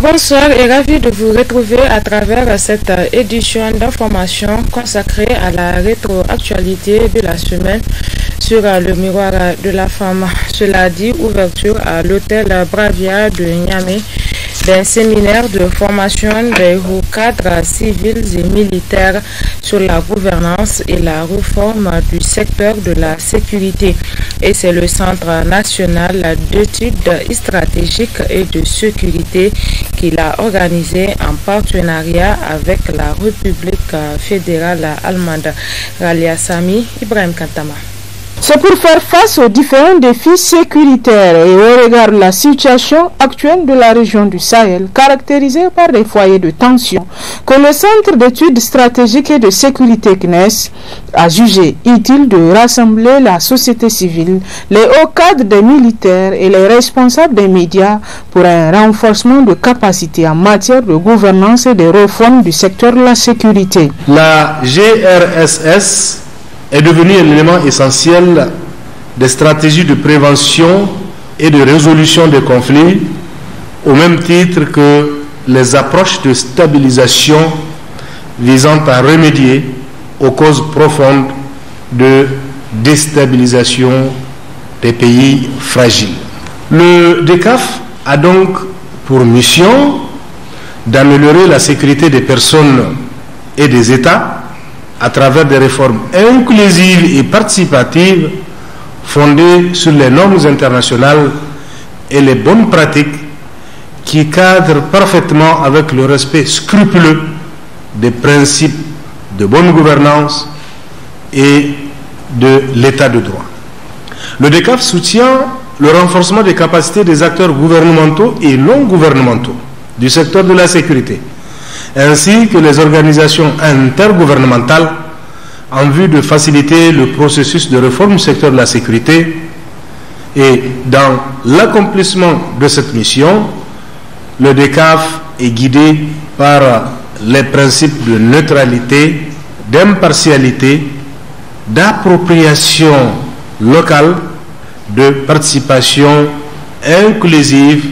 bonsoir et ravi de vous retrouver à travers cette euh, édition d'information consacrée à la rétroactualité de la semaine sur euh, le miroir de la femme. Cela dit, ouverture à l'hôtel Bravia de Niamey d'un séminaire de formation des cadres civils et militaires sur la gouvernance et la réforme du secteur de la sécurité. Et c'est le Centre national d'études stratégiques et de sécurité qu'il a organisé en partenariat avec la République fédérale allemande. Ralia Sami, Ibrahim Kantama. C'est pour faire face aux différents défis sécuritaires et au regard de la situation actuelle de la région du Sahel, caractérisée par des foyers de tension, que le Centre d'études stratégiques et de sécurité CNES a jugé utile de rassembler la société civile, les hauts cadres des militaires et les responsables des médias pour un renforcement de capacités en matière de gouvernance et de réforme du secteur de la sécurité. La GRSS est devenu un élément essentiel des stratégies de prévention et de résolution des conflits, au même titre que les approches de stabilisation visant à remédier aux causes profondes de déstabilisation des pays fragiles. Le DECAF a donc pour mission d'améliorer la sécurité des personnes et des États à travers des réformes inclusives et participatives fondées sur les normes internationales et les bonnes pratiques qui cadrent parfaitement avec le respect scrupuleux des principes de bonne gouvernance et de l'état de droit. Le DECAF soutient le renforcement des capacités des acteurs gouvernementaux et non gouvernementaux du secteur de la sécurité ainsi que les organisations intergouvernementales en vue de faciliter le processus de réforme du secteur de la sécurité. Et dans l'accomplissement de cette mission, le DECAF est guidé par les principes de neutralité, d'impartialité, d'appropriation locale, de participation inclusive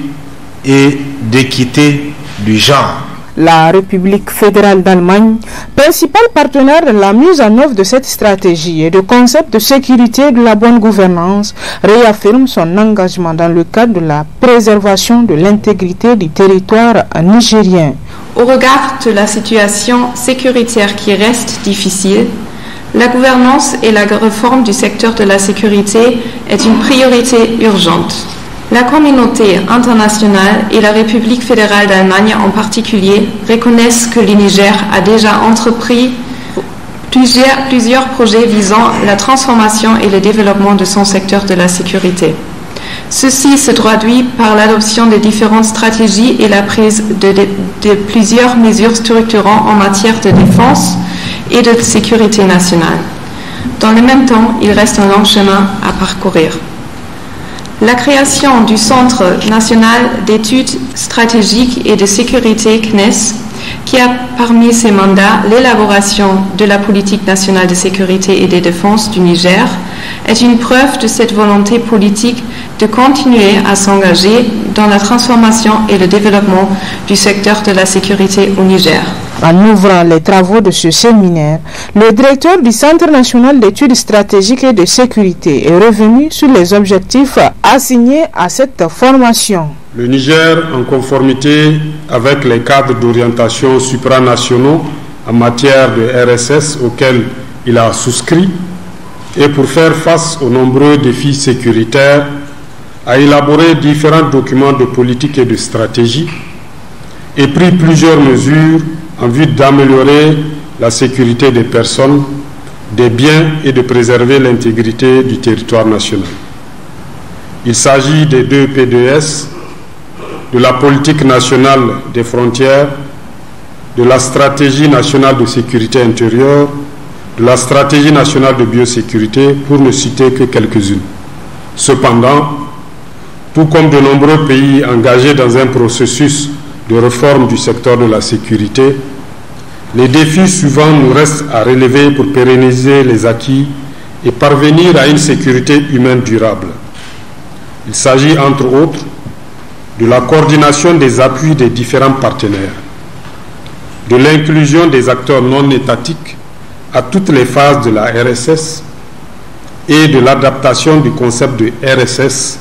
et d'équité du genre la République fédérale d'Allemagne, principal partenaire de la mise en œuvre de cette stratégie et de concept de sécurité et de la bonne gouvernance, réaffirme son engagement dans le cadre de la préservation de l'intégrité du territoire nigérien. Au regard de la situation sécuritaire qui reste difficile, la gouvernance et la réforme du secteur de la sécurité est une priorité urgente. La communauté internationale et la République fédérale d'Allemagne en particulier reconnaissent que le Niger a déjà entrepris plusieurs, projets visant la transformation et le développement de son secteur de la sécurité. Ceci se traduit par l'adoption de différentes stratégies et la prise de, plusieurs mesures structurantes en matière de défense et de sécurité nationale. Dans le même temps, il reste un long chemin à parcourir. La création du Centre national d'études stratégiques et de sécurité CNES, qui a parmi ses mandats l'élaboration de la politique nationale de sécurité et de défense du Niger, est une preuve de cette volonté politique de continuer à s'engager dans la transformation et le développement du secteur de la sécurité au Niger. En ouvrant les travaux de ce séminaire, le directeur du Centre national d'études stratégiques et de sécurité est revenu sur les objectifs assignés à cette formation. Le Niger, en conformité avec les cadres d'orientation supranationaux en matière de RSS auxquels il a souscrit, et pour faire face aux nombreux défis sécuritaires a élaboré différents documents de politique et de stratégie et pris plusieurs mesures en vue d'améliorer la sécurité des personnes, des biens et de préserver l'intégrité du territoire national. Il s'agit des deux PDS, de la politique nationale des frontières, de la stratégie nationale de sécurité intérieure, de la stratégie nationale de biosécurité, pour ne citer que quelques-unes. Cependant, tout comme de nombreux pays engagés dans un processus de réforme du secteur de la sécurité, les défis suivants nous restent à relever pour pérenniser les acquis et parvenir à une sécurité humaine durable. Il s'agit entre autres de la coordination des appuis des différents partenaires, de l'inclusion des acteurs non étatiques à toutes les phases de la RSS et de l'adaptation du concept de RSS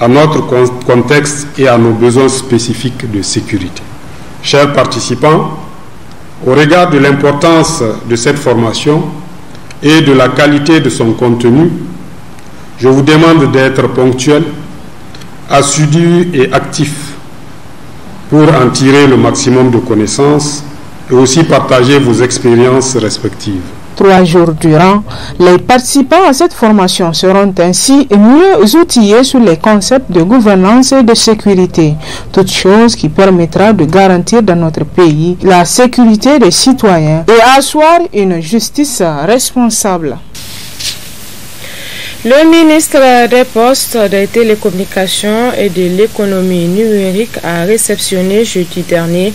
à notre contexte et à nos besoins spécifiques de sécurité. Chers participants, au regard de l'importance de cette formation et de la qualité de son contenu, je vous demande d'être ponctuel, assidu et actif pour en tirer le maximum de connaissances et aussi partager vos expériences respectives trois jours durant. Les participants à cette formation seront ainsi mieux outillés sur les concepts de gouvernance et de sécurité, toute chose qui permettra de garantir dans notre pays la sécurité des citoyens et asseoir une justice responsable. Le ministre des Postes, des Télécommunications et de l'économie numérique a réceptionné jeudi dernier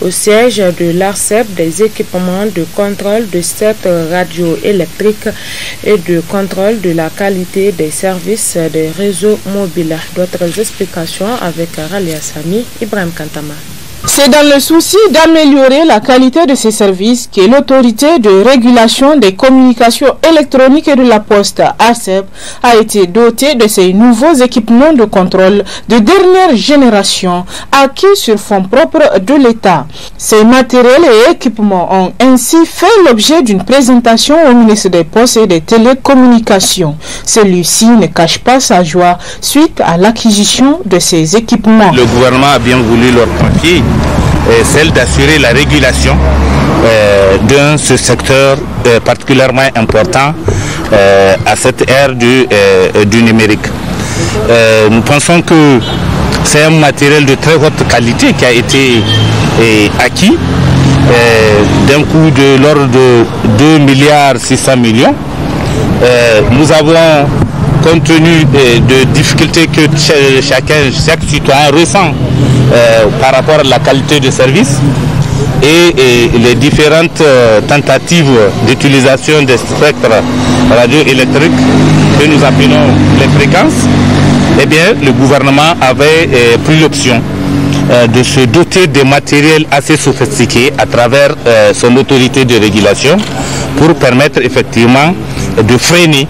au siège de l'ARCEP des équipements de contrôle de cette radio et de contrôle de la qualité des services des réseaux mobiles. D'autres explications avec Ralia Samy, Ibrahim Kantama. C'est dans le souci d'améliorer la qualité de ces services que l'autorité de régulation des communications électroniques et de la poste ACEP a été dotée de ces nouveaux équipements de contrôle de dernière génération acquis sur fonds propres de l'État. Ces matériels et équipements ont ainsi fait l'objet d'une présentation au ministre des Postes et des Télécommunications. Celui-ci ne cache pas sa joie suite à l'acquisition de ces équipements. Le gouvernement a bien voulu leur confier et celle d'assurer la régulation euh, de ce secteur euh, particulièrement important euh, à cette ère du, euh, du numérique. nous pensons que c'est un matériel de très haute qualité qui a été acquis d'un coût de l'ordre de 2 milliards 600 millions. nous avons compte tenu des de difficultés que chacun, chaque citoyen ressent euh, par rapport à la qualité de service et, les différentes euh, tentatives d'utilisation des spectres radioélectriques que nous appelons les fréquences, eh bien, le gouvernement avait euh, pris l'option de se doter de matériel assez sophistiqué à travers son autorité de régulation pour permettre effectivement de freiner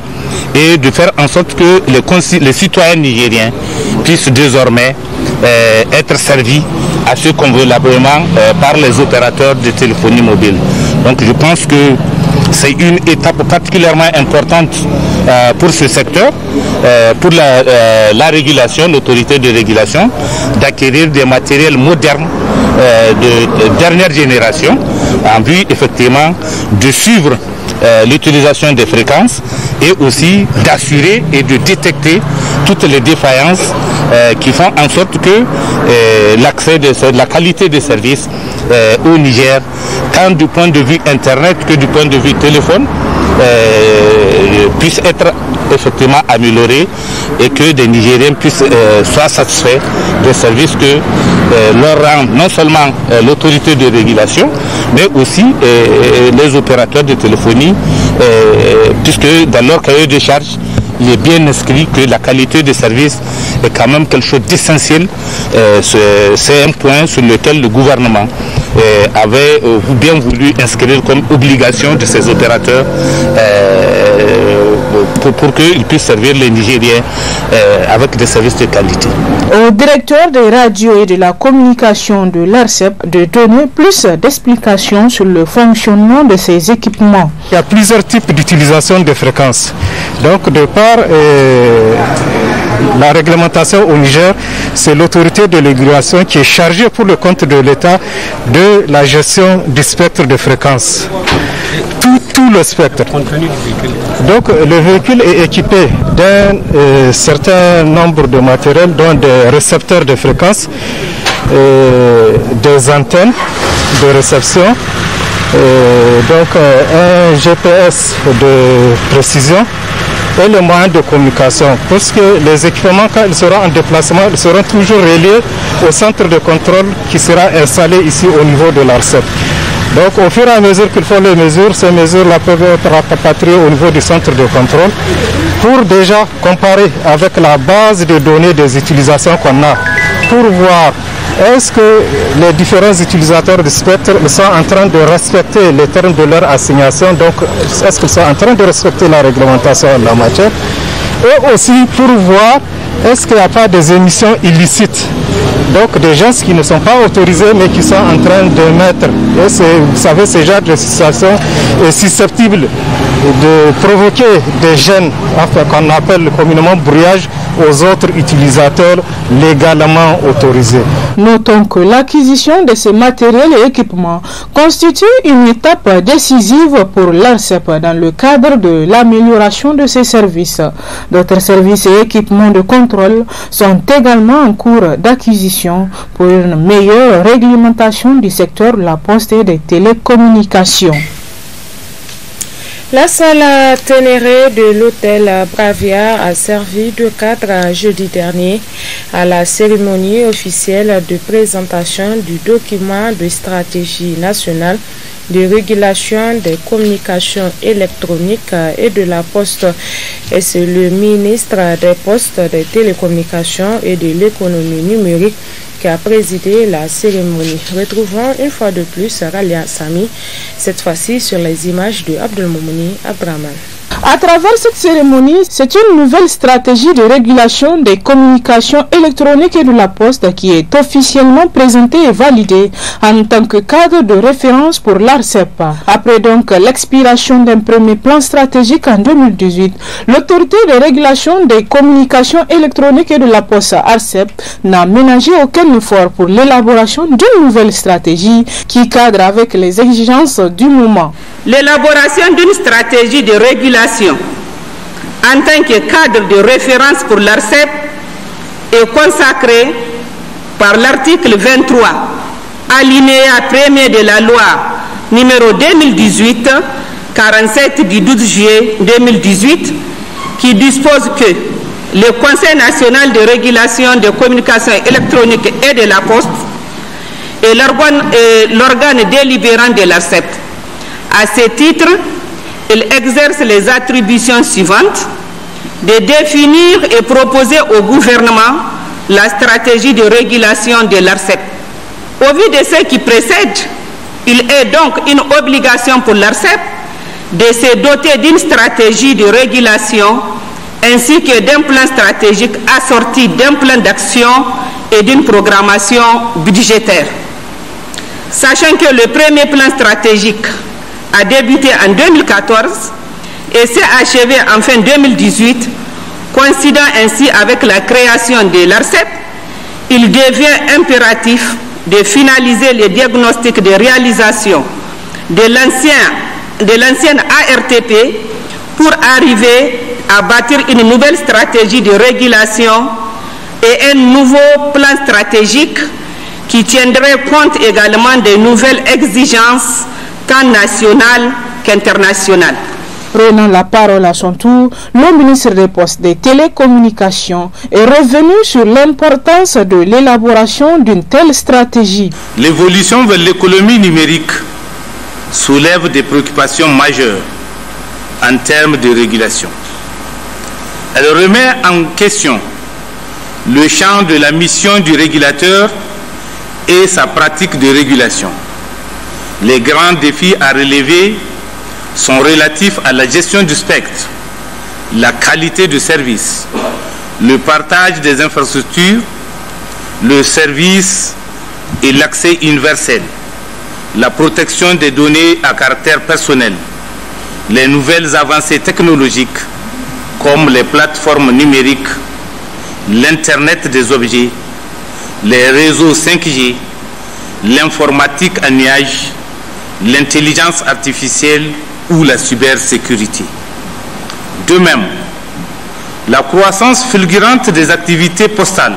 et de faire en sorte que les, citoyens nigériens puissent désormais euh, être servis à ce convenablement euh, par les opérateurs de téléphonie mobile. Donc je pense que c'est une étape particulièrement importante euh, pour ce secteur, euh, pour la, régulation, l'autorité de régulation, d'acquérir des matériels modernes de dernière génération en vue effectivement de suivre euh, l'utilisation des fréquences et aussi d'assurer et de détecter toutes les défaillances euh, qui font en sorte que euh, l'accès de la qualité des services au Niger, tant du point de vue Internet que du point de vue téléphone, euh, puissent être effectivement améliorés et que des Nigériens puissent, euh, soient satisfaits des services que euh, leur rend non seulement l'autorité de régulation, mais aussi les opérateurs de téléphonie, puisque dans leur cahier de charge il est bien inscrit que la qualité de services est quand même quelque chose d'essentiel. Euh, c'est un point sur lequel le gouvernement euh, avait euh, bien voulu inscrire comme obligation de ses opérateurs. Euh, euh, pour, qu'ils puissent servir les Nigériens euh, avec des services de qualité. Au directeur des radios et de la communication de l'ARCEP de donner plus d'explications sur le fonctionnement de ces équipements. Il y a plusieurs types d'utilisation des fréquences. Donc de part, la réglementation au Niger, c'est l'autorité de régulation qui est chargée pour le compte de l'État de la gestion du spectre de fréquences. Tout, tout le spectre. Donc le véhicule est équipé d'un euh, certain nombre de matériels, dont des récepteurs de fréquence, euh, des antennes de réception, euh, donc un GPS de précision et le moyen de communication. Parce que les équipements, quand ils seront en déplacement, ils seront toujours reliés au centre de contrôle qui sera installé ici au niveau de l'ARCEP. Donc au fur et à mesure qu'il font les mesures, ces mesures-là peuvent être rapatriées au niveau du centre de contrôle pour déjà comparer avec la base de données des utilisations qu'on a, pour voir est-ce que les différents utilisateurs du spectre sont en train de respecter les termes de leur assignation, donc est-ce qu'ils sont en train de respecter la réglementation en la matière, et aussi pour voir est-ce qu'il n'y a pas des émissions illicites donc des gens qui ne sont pas autorisés mais qui sont en train de mettre. vous savez, ce genre de situation est susceptible de provoquer des gènes, qu'on appelle communément brouillage, aux autres utilisateurs légalement autorisés. Notons que l'acquisition de ces matériels et équipements constitue une étape décisive pour l'ARCEP dans le cadre de l'amélioration de ses services. D'autres services et équipements de contrôle sont également en cours d'acquisition pour une meilleure réglementation du secteur de la poste et des télécommunications. La salle ténérée de l'hôtel Bravia a servi de cadre jeudi dernier à la cérémonie officielle de présentation du document de stratégie nationale de régulation des communications électroniques et de la poste. Et c'est le ministre des postes, des télécommunications et de l'économie numérique qui a présidé la cérémonie. Retrouvons une fois de plus Ralia Sami, cette fois-ci sur les images de Abdelmouni Abraman. À travers cette cérémonie, c'est une nouvelle stratégie de régulation des communications électroniques et de la poste qui est officiellement présentée et validée en tant que cadre de référence pour l'ARCEP. Après donc l'expiration d'un premier plan stratégique en 2018, l'autorité de régulation des communications électroniques et de la poste ARCEP n'a ménagé aucun fort pour l'élaboration d'une nouvelle stratégie qui cadre avec les exigences du moment. L'élaboration d'une stratégie de régulation en tant que cadre de référence pour l'ARCEP est consacrée par l'article 23, alinéa 1 de la loi numéro 2018-47 du 12 juillet 2018, qui dispose que le Conseil national de régulation des communications électroniques et de la poste et euh, l'organe délibérant de l'ARCEP. À ce titre, il exerce les attributions suivantes de définir et proposer au gouvernement la stratégie de régulation de l'ARCEP. Au vu de ce qui précède, il est donc une obligation pour l'ARCEP de se doter d'une stratégie de régulation ainsi que d'un plan stratégique assorti d'un plan d'action et d'une programmation budgétaire. Sachant que le premier plan stratégique a débuté en 2014 et s'est achevé en fin 2018, coïncidant ainsi avec la création de l'ARCEP, il devient impératif de finaliser les diagnostics de réalisation de l'ancienne ARTP pour arriver à bâtir une nouvelle stratégie de régulation et un nouveau plan stratégique qui tiendrait compte également des nouvelles exigences tant nationales qu'internationales. Prenant la parole à son tour, le ministre des Postes des Télécommunications est revenu sur l'importance de l'élaboration d'une telle stratégie. L'évolution vers l'économie numérique soulève des préoccupations majeures en termes de régulation. Elle remet en question le champ de la mission du régulateur et sa pratique de régulation. Les grands défis à relever sont relatifs à la gestion du spectre, la qualité du service, le partage des infrastructures, le service et l'accès universel, la protection des données à caractère personnel, les nouvelles avancées technologiques, comme les plateformes numériques, l'Internet des objets, les réseaux 5G, l'informatique à nuage, l'intelligence artificielle ou la cybersécurité. De même, la croissance fulgurante des activités postales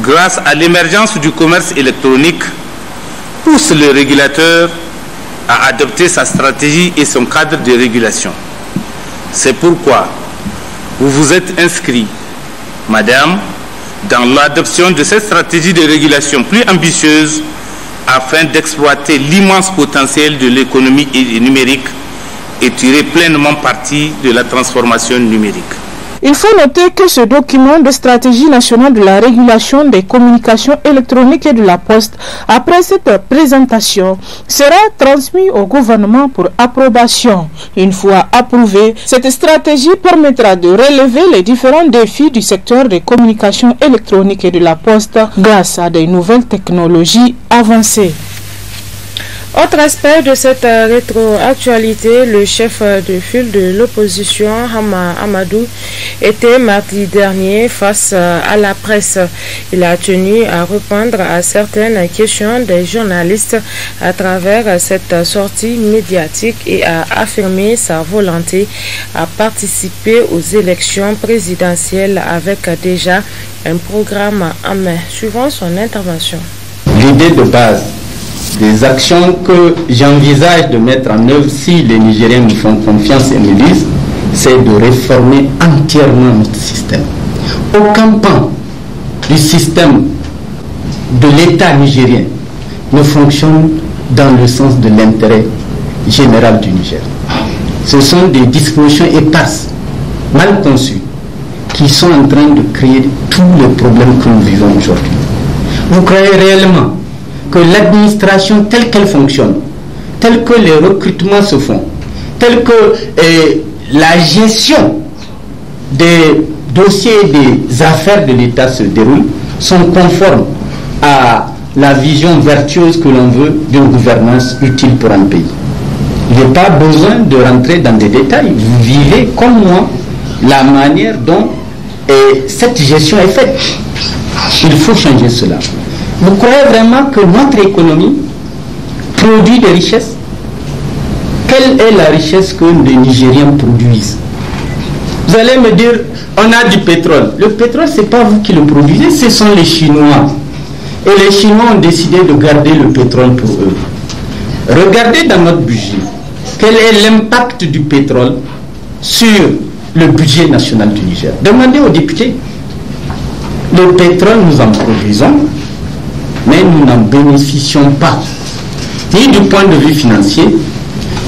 grâce à l'émergence du commerce électronique pousse le régulateur à adopter sa stratégie et son cadre de régulation. C'est pourquoi vous vous êtes inscrit, Madame, dans l'adoption de cette stratégie de régulation plus ambitieuse afin d'exploiter l'immense potentiel de l'économie numérique et tirer pleinement parti de la transformation numérique. Il faut noter que ce document de stratégie nationale de la régulation des communications électroniques et de la poste, après cette présentation, sera transmis au gouvernement pour approbation. Une fois approuvé, cette stratégie permettra de relever les différents défis du secteur des communications électroniques et de la poste grâce à des nouvelles technologies avancées. Autre aspect de cette euh, rétroactualité, le chef euh, de file de l'opposition, Hamadou était mardi dernier face euh, à la presse. Il a tenu à répondre à certaines questions des journalistes à travers cette sortie médiatique et a affirmé sa volonté à participer aux élections présidentielles avec déjà un programme en main, suivant son intervention. L'idée de base des actions que j'envisage de mettre en œuvre si les Nigériens me font confiance et me disent c'est de réformer entièrement notre système. Aucun pan du système de l'État nigérien ne fonctionne dans le sens de l'intérêt général du Niger. Ce sont des dispositions épaisses, mal conçues, qui sont en train de créer tous les problèmes que nous vivons aujourd'hui. Vous croyez réellement que l'administration telle qu'elle fonctionne, telle que les recrutements se font, telle que eh, la gestion des dossiers et des affaires de l'État se déroule, sont conformes à la vision vertueuse que l'on veut d'une gouvernance utile pour un pays. Il n'y a pas besoin de rentrer dans des détails. Vous vivez comme moi la manière dont eh, cette gestion est faite. Il faut changer cela. Vous croyez vraiment que notre économie produit des richesses Quelle est la richesse que les Nigériens produisent Vous allez me dire, on a du pétrole. Le pétrole, ce n'est pas vous qui le produisez, ce sont les Chinois. Et les Chinois ont décidé de garder le pétrole pour eux. Regardez dans notre budget quel est l'impact du pétrole sur le budget national du Niger. Demandez aux députés. Le pétrole, nous en produisons mais nous n'en bénéficions pas, ni du point de vue financier,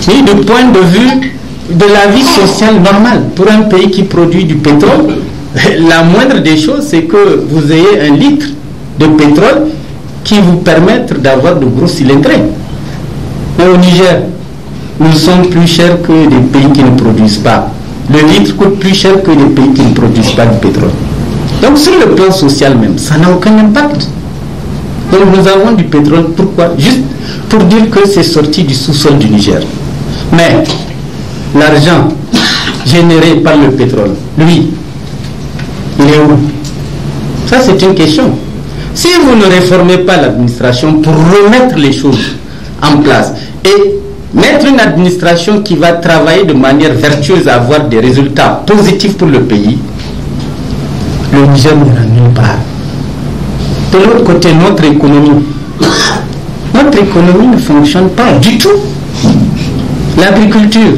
ni du point de vue de la vie sociale normale. Pour un pays qui produit du pétrole, la moindre des choses, c'est que vous ayez un litre de pétrole qui vous permette d'avoir de gros cylindrés. Mais au Niger, nous sommes plus chers que les pays qui ne produisent pas. Le litre coûte plus cher que les pays qui ne produisent pas de pétrole. Donc sur le plan social même, ça n'a aucun impact. Donc nous avons du pétrole, pourquoi Juste pour dire que c'est sorti du sous-sol du Niger. Mais l'argent généré par le pétrole, lui, il est où Ça c'est une question. Si vous ne réformez pas l'administration pour remettre les choses en place et mettre une administration qui va travailler de manière vertueuse à avoir des résultats positifs pour le pays, le Niger n'ira nulle part. De l'autre côté, notre économie. Notre économie ne fonctionne pas du tout. L'agriculture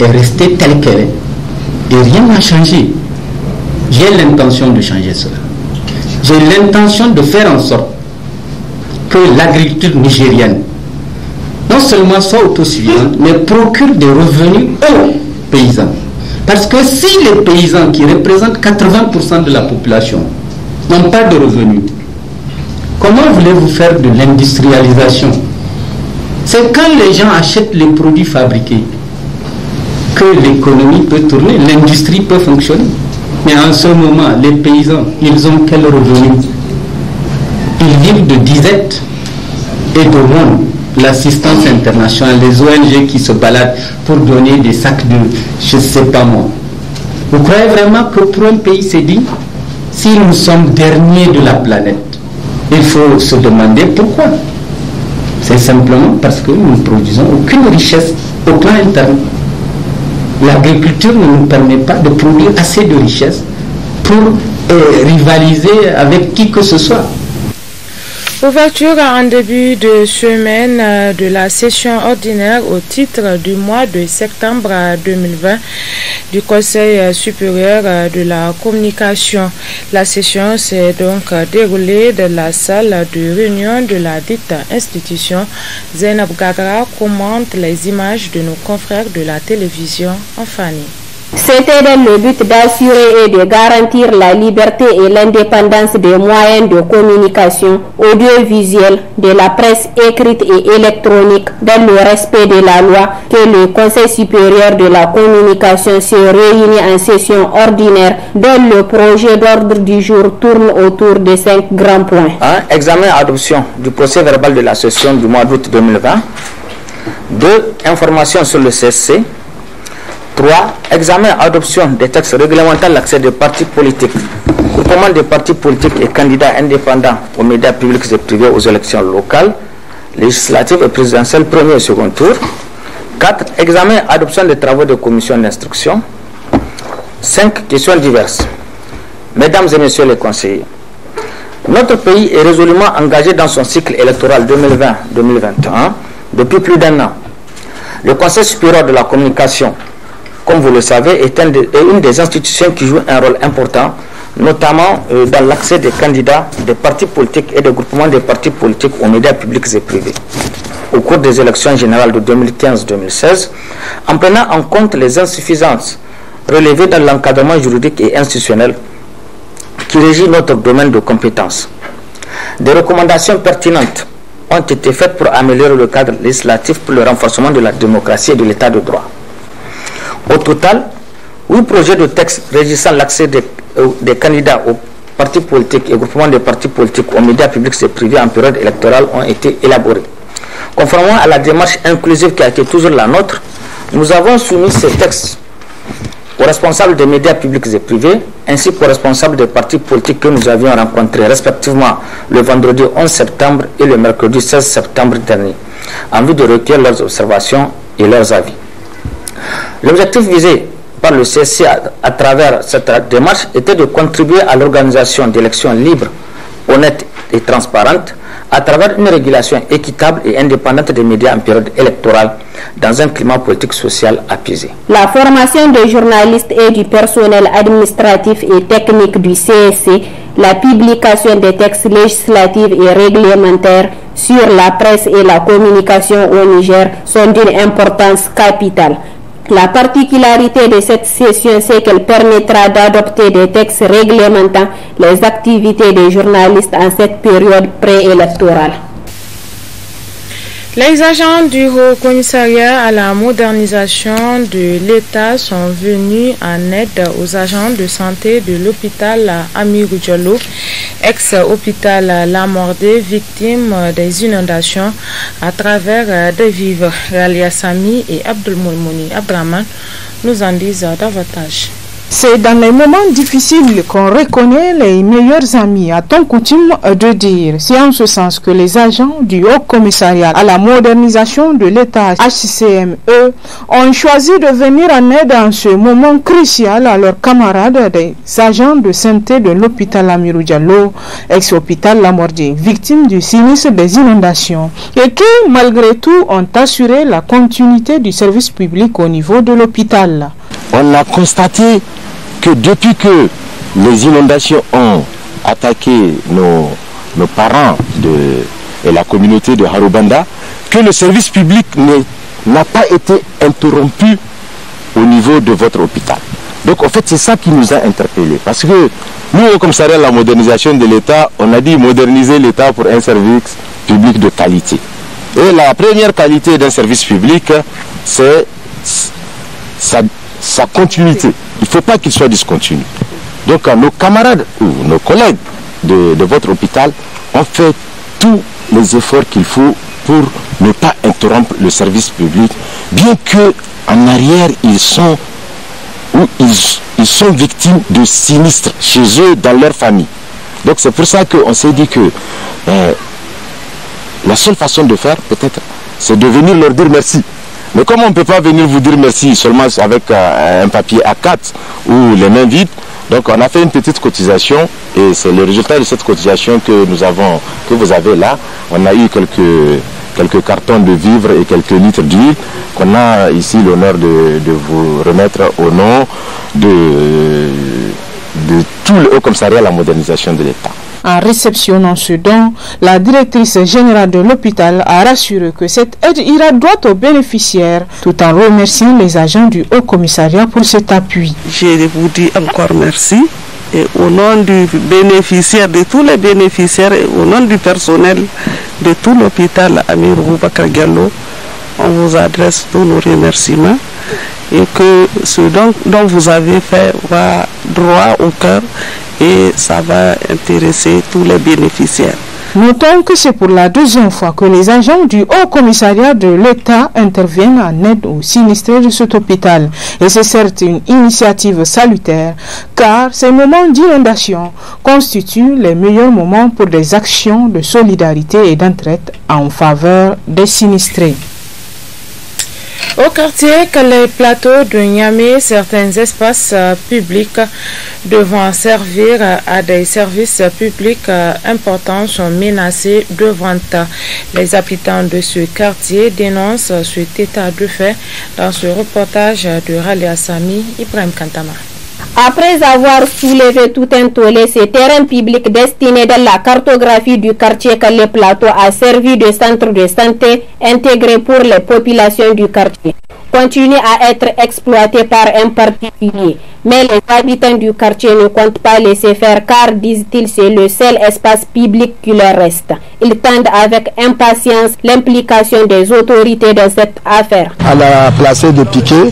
est restée telle qu'elle est. Et rien n'a changé. J'ai l'intention de changer cela. J'ai l'intention de faire en sorte que l'agriculture nigérienne non seulement soit autosuffisante, mais procure des revenus aux paysans. Parce que si les paysans qui représentent 80% de la population n'ont pas de revenus, Comment voulez-vous faire de l'industrialisation C'est quand les gens achètent les produits fabriqués que l'économie peut tourner, l'industrie peut fonctionner. Mais en ce moment, les paysans, ils ont quel revenu Ils vivent de disettes et de L'assistance internationale, les ONG qui se baladent pour donner des sacs de je ne sais pas moi. Vous croyez vraiment que pour un pays, c'est dit si nous sommes derniers de la planète il faut se demander pourquoi. C'est simplement parce que nous ne produisons aucune richesse au plan interne. L'agriculture ne nous permet pas de produire assez de richesses pour euh, rivaliser avec qui que ce soit. Ouverture en début de semaine euh, de la session ordinaire au titre du mois de septembre 2020 du Conseil supérieur euh, de la communication. La session s'est donc déroulée dans la salle de réunion de la dite institution. Zainab Gagra commente les images de nos confrères de la télévision en famille. C'était dans le but d'assurer et de garantir la liberté et l'indépendance des moyens de communication audiovisuelle, de la presse écrite et électronique, dans le respect de la loi, que le Conseil supérieur de la communication se réunit en session ordinaire, dont le projet d'ordre du jour tourne autour de cinq grands points. Un examen adoption du procès verbal de la session du mois d'août 2020. Deux, informations sur le CC. 3. Examen adoption des textes réglementant l'accès des partis politiques. commandes des partis politiques et candidats indépendants aux médias publics et privés aux élections locales, législatives et présidentielles premier et second tour. 4. Examen adoption des travaux de commission d'instruction. 5. Questions diverses. Mesdames et messieurs les conseillers, notre pays est résolument engagé dans son cycle électoral 2020-2021 depuis plus d'un an. Le Conseil supérieur de la communication comme vous le savez, est, une des institutions qui joue un rôle important, notamment euh, dans l'accès des candidats des partis politiques et des groupements des partis politiques aux médias publics et privés. Au cours des élections générales de 2015-2016, en prenant en compte les insuffisances relevées dans l'encadrement juridique et institutionnel qui régit notre domaine de compétences. Des recommandations pertinentes ont été faites pour améliorer le cadre législatif pour le renforcement de la démocratie et de l'état de droit. Au total, huit projets de texte régissant l'accès des, euh, candidats aux partis politiques et groupements des partis politiques aux médias publics et privés en période électorale ont été élaborés. Conformément à la démarche inclusive qui a été toujours la nôtre, nous avons soumis ces textes aux responsables des médias publics et privés, ainsi qu'aux responsables des partis politiques que nous avions rencontrés respectivement le vendredi 11 septembre et le mercredi 16 septembre dernier, en vue de recueillir leurs observations et leurs avis. L'objectif visé par le CSC à, travers cette démarche était de contribuer à l'organisation d'élections libres, honnêtes et transparentes à travers une régulation équitable et indépendante des médias en période électorale dans un climat politique social apaisé. La formation des journalistes et du personnel administratif et technique du CSC, la publication des textes législatifs et réglementaires sur la presse et la communication au Niger sont d'une importance capitale. La particularité de cette session, c'est qu'elle permettra d'adopter des textes réglementant les activités des journalistes en cette période préélectorale. Les agents du Haut Commissariat à la modernisation de l'État sont venus en aide aux agents de santé de l'hôpital Amirou ex-hôpital Lamordé, victime des inondations à travers des vivres. Ralia Sami et Abdul Abraman nous en disent davantage. C'est dans les moments difficiles qu'on reconnaît les meilleurs amis, a-t-on coutume de dire. C'est en ce sens que les agents du Haut Commissariat à la modernisation de l'État HCME ont choisi de venir en aide en ce moment crucial à leurs camarades des agents de santé de l'hôpital Amiroudjalo, ex-hôpital Lamordier, victime du sinistre des inondations, et qui, malgré tout, ont assuré la continuité du service public au niveau de l'hôpital on a constaté que depuis que les inondations ont attaqué nos, parents de, et la communauté de Harubanda, que le service public n'a pas été interrompu au niveau de votre hôpital. Donc en fait, c'est ça qui nous a interpellés. Parce que nous, au commissariat de la modernisation de l'État, on a dit moderniser l'État pour un service public de qualité. Et la première qualité d'un service public, c'est sa, sa continuité. Il ne faut pas qu'il soit discontinu. Donc euh, nos camarades ou nos collègues de, votre hôpital ont fait tous les efforts qu'il faut pour ne pas interrompre le service public, bien que en arrière ils sont ou ils, sont victimes de sinistres chez eux, dans leur famille. Donc c'est pour ça qu'on s'est dit que euh, la seule façon de faire, peut-être, c'est de venir leur dire merci. Mais comme on ne peut pas venir vous dire merci seulement avec euh, un papier A4 ou les mains vides, donc on a fait une petite cotisation et c'est le résultat de cette cotisation que nous avons, que vous avez là. On a eu quelques, quelques cartons de vivres et quelques litres d'huile qu'on a ici l'honneur de, vous remettre au nom de, de tout le Haut Commissariat à la modernisation de l'État. En réceptionnant ce don, la directrice générale de l'hôpital a rassuré que cette aide ira droit aux bénéficiaires, tout en remerciant les agents du Haut Commissariat pour cet appui. Je vous dis encore merci. Et au nom du bénéficiaire, de tous les bénéficiaires et au nom du personnel de tout l'hôpital Amir Kagalo, on vous adresse tous nos remerciements et que ce don dont vous avez fait va droit au cœur et ça va intéresser tous les bénéficiaires. Notons que c'est pour la deuxième fois que les agents du Haut Commissariat de l'État interviennent en aide aux sinistrés de cet hôpital. Et c'est certes une initiative salutaire, car ces moments d'inondation constituent les meilleurs moments pour des actions de solidarité et d'entraide en faveur des sinistrés. Au quartier que les plateaux de Niamey, certains espaces euh, publics devant servir à des services publics euh, importants sont menacés devant Les habitants de ce quartier dénoncent cet état de fait dans ce reportage de Rali Assami Ibrahim Kantama. Après avoir soulevé tout un tollé, ce terrain public destiné dans la cartographie du quartier le Plateau a servi de centre de santé intégré pour les populations du quartier. Continue à être exploité par un particulier. Mais les habitants du quartier ne comptent pas laisser faire car, disent-ils, c'est le seul espace public qui leur reste. Ils tendent avec impatience l'implication des autorités dans cette affaire. À la place de piquet,